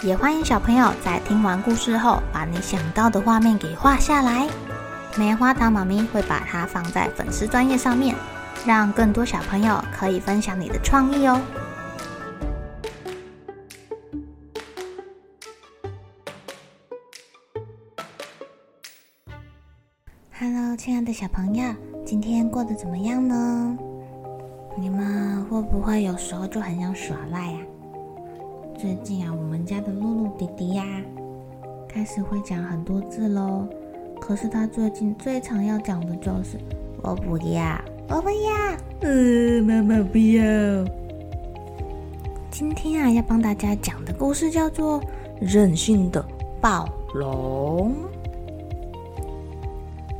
也歡迎小朋友在聽完故事後，把你想到的畫面給畫下來。棉花糖媽咪會把它放在粉絲專頁上面，讓更多小朋友可以分享你的創意哦。Hello，親愛的小朋友，今天過得怎麼樣呢？你們會不會有時候就很想耍賴呀？最近啊，我們家的露露弟弟呀、啊，開始會講很多字嘍。可是他最近最常要講的就是“我不要，我不要”，嗯，媽媽不要。今天啊，要幫大家講的故事叫做《任性的暴龍》。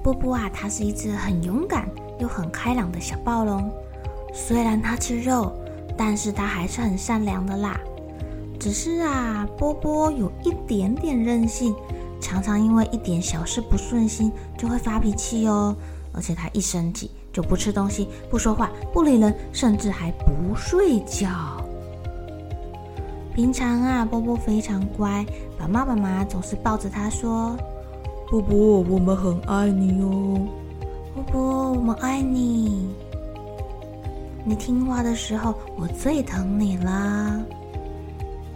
波波啊，它是一隻很勇敢又很開朗的小暴龍。雖然它吃肉，但是它還是很善良的啦。只是啊，波波有一點點任性，常常因為一點小事不順心就會發脾氣哦。而且他一生氣就不吃東西、不說話、不理人，甚至還不睡覺。平常啊，波波非常乖，爸爸、媽媽總是抱着他說：“波波，我們很愛你哦，波波，我們愛你。你聽話的時候，我最疼你啦。”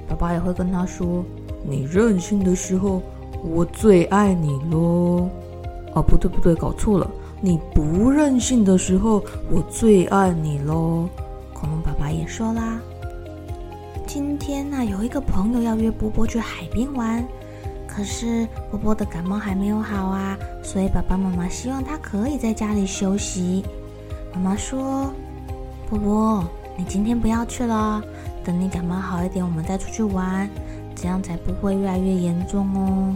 爸爸也會跟他說：“你任性的時候，我最愛你嘍。”哦，不對不對，搞錯了，你不任性的時候，我最愛你嘍。恐龍爸爸也說啦：“今天呢，啊，有一個朋友要約波波去海邊玩，可是波波的感冒還沒有好啊，所以爸爸媽媽希望他可以在家裡休息。”媽媽說：“波波，你今天不要去了。”等你感冒好一點，我們再出去玩，這樣才不會越來越嚴重哦。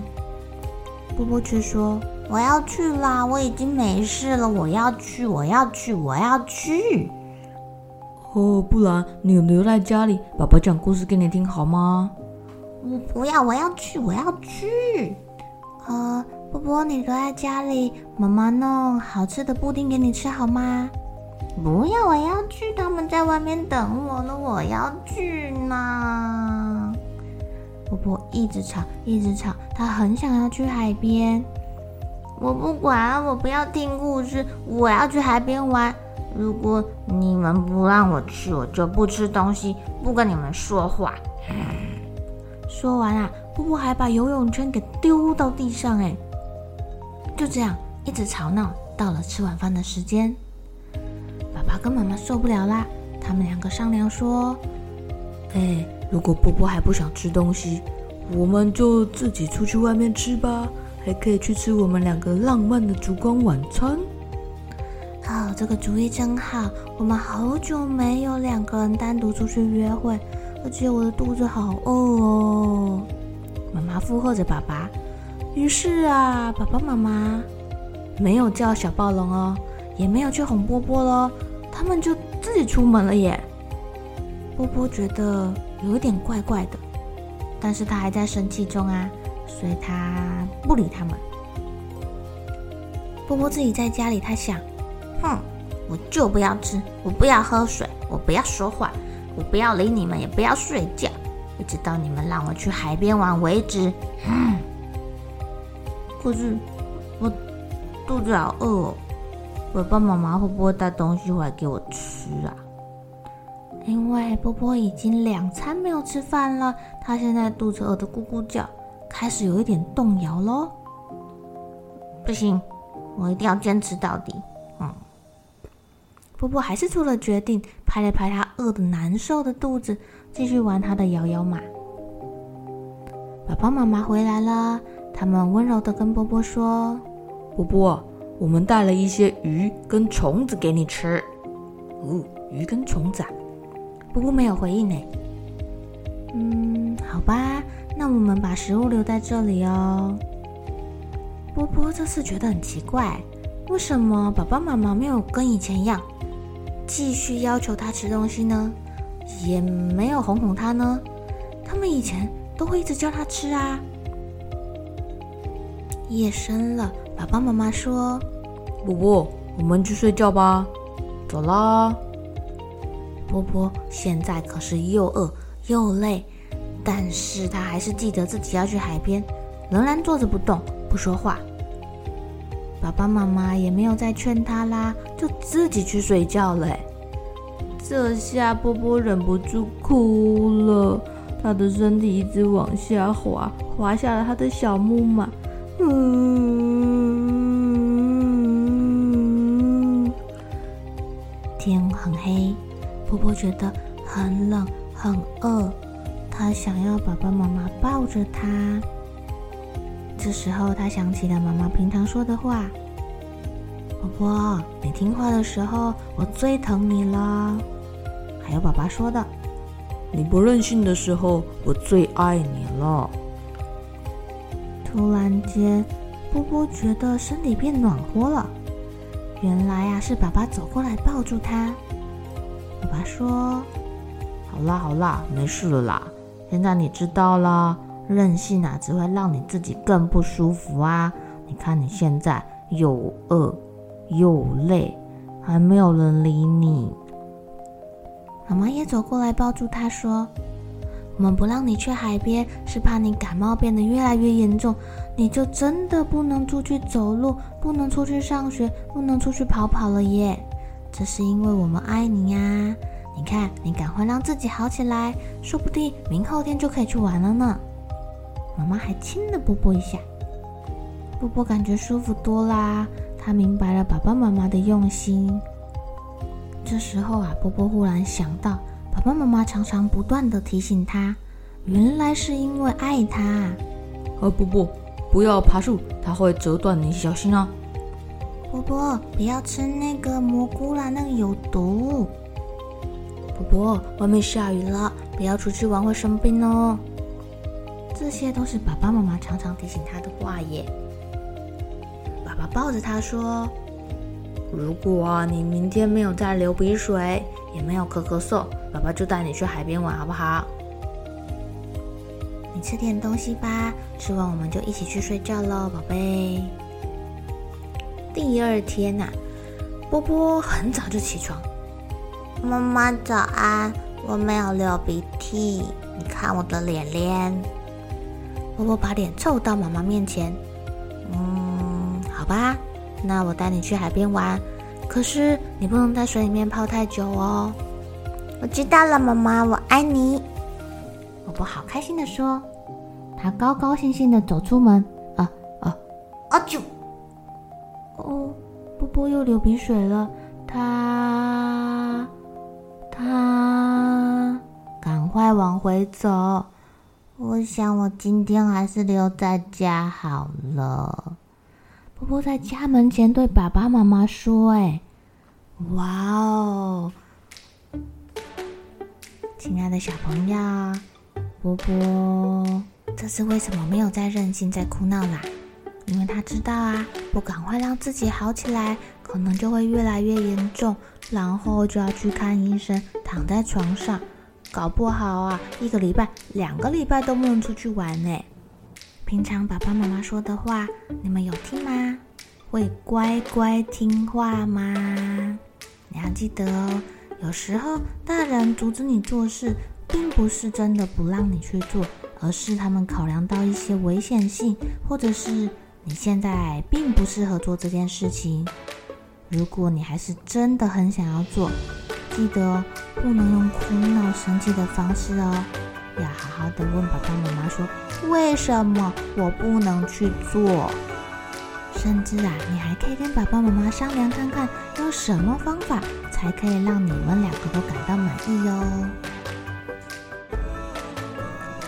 波波卻說：“我要去啦，我已經沒事了，我要去，我要去，我要去。”哦，不然你留在家裡，爸爸講故事給你聽好嗎？我不要，我要去，我要去。啊、呃，波波，你留在家裡，媽媽弄好吃的布丁給你吃好嗎？不要！我要去，他們在外面等我了，我要去呢。波波一直吵，一直吵，他很想要去海邊。我不管，我不要聽故事，我要去海邊玩。如果你們不讓我去，我就不吃東西，不跟你們說話。嗯、說完啊，波波還把游泳圈給丟到地上哎。就這樣一直吵鬧，到了吃晚飯的時間。爸爸跟媽媽受不了啦，他們兩個商量說：“誒，如果波波還不想吃東西，我們就自己出去外面吃吧，還可以去吃我們兩個浪漫的燭光晚餐。”好，這個主意真好，我們好久沒有兩個人單獨出去約會，而且我的肚子好餓哦。媽媽附和着爸爸，於是啊，爸爸媽媽沒有叫小暴龍哦，也沒有去哄波波嘍。他們就自己出門了耶。波波覺得有點怪怪的，但是他還在生氣中啊，所以他不理他們。波波自己在家裡，他想：哼，我就不要吃，我不要喝水，我不要說話，我不要理你們，也不要睡覺，一直到你們讓我去海邊玩為止。可是我肚子好餓哦。爸爸媽媽會不會帶東西回來給我吃啊？因為波波已經兩餐沒有吃飯了，他現在肚子餓得咕咕叫，開始有一點動搖咯。不行，我一定要堅持到底！嗯，波波還是出了決定，拍了拍他餓得難受的肚子，繼續玩他的搖搖馬。爸爸媽媽回來了，他們溫柔地跟波波說：“波波。”我們帶了一些魚跟蟲子給你吃，哦，魚跟蟲子，啊。波波沒有回應呢。嗯，好吧，那我們把食物留在這裡哦。波波這次覺得很奇怪，為什麼爸爸媽媽沒有跟以前一樣，繼續要求他吃東西呢？也沒有哄哄他呢？他們以前都會一直叫他吃啊。夜深了。爸爸媽媽說：“波波，我們去睡覺吧，走啦。”波波現在可是又餓又累，但是他還是記得自己要去海邊，仍然坐着不動，不說話。爸爸媽媽也沒有再勸他啦，就自己去睡覺嘞欸。這下波波忍不住哭了，他的身體一直往下滑，滑下了他的小木馬，嗯。嘿，波波，hey，覺得很冷很餓，他想要爸爸媽媽抱着他。這時候他想起了媽媽平常說的話：“波波，你聽話的時候，我最疼你了。”還有爸爸說的：“你不任性的時候，我最愛你了。”突然間，波波覺得身體變暖和了。原來啊，是爸爸走過來抱住他。爸爸說：“好啦，好啦，沒事了啦。現在你知道了，任性啊，只會讓你自己更不舒服啊。你看你現在又餓又累，還沒有人理你。”媽媽也走過來抱住他，說：“我們不讓你去海邊，是怕你感冒變得越來越嚴重。你就真的不能出去走路，不能出去上學，不能出去跑跑了耶。”這是因為我們愛你呀、啊！你看，你趕快讓自己好起來，說不定明後天就可以去玩了呢。媽媽還親了波波一下，波波感覺舒服多啦。他明白了爸爸媽媽的用心。這時候啊，波波忽然想到，爸爸媽媽常常不斷的提醒他，原來是因為愛他。啊、哦，波波，不要爬樹，它會折斷你，小心啊！波波，不要吃那個蘑菇啦，那個有毒。波波，外面下雨了，不要出去玩會生病哦。這些都是爸爸媽媽常常提醒他的話耶。爸爸抱着他說：“如果你明天沒有再流鼻水，也沒有咳咳嗽，爸爸就帶你去海邊玩，好不好？”你吃點東西吧，吃完我們就一起去睡覺嘍，寶貝。第二天吶、啊，波波很早就起床。媽媽早安，我沒有流鼻涕，你看我的臉臉。波波把臉湊到媽媽面前。嗯，好吧，那我帶你去海邊玩，可是你不能在水裡面泡太久哦。我知道了，媽媽，我愛你。波波好開心的說，他高高興興的走出門。啊啊啊！就、啊。波波又流鼻水了，他他趕快往回走。我想我今天還是留在家好了。波波在家門前對爸爸媽媽說、欸：“哎，哇哦，親愛的小朋友，波波這次為什麼沒有再任性、再哭鬧啦？”因為他知道啊，不趕快讓自己好起來，可能就會越來越嚴重，然後就要去看醫生，躺在床上，搞不好啊，一個禮拜、兩個禮拜都不能出去玩哎，平常爸爸媽媽說的話，你們有聽嗎？會乖乖聽話嗎？你要記得哦，有時候大人阻止你做事，並不是真的不讓你去做，而是他們考量到一些危險性，或者是。你現在並不適合做這件事情。如果你還是真的很想要做，記得不能用哭鬧、生氣的方式哦，要好好的問爸爸媽媽說，為什麼我不能去做。甚至啊，你還可以跟爸爸媽媽商量看看，用什麼方法才可以讓你們兩個都感到滿意喲、哦。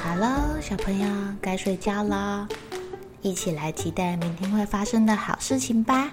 好了，小朋友該睡覺啦。一起來期待明天會發生的好事情吧！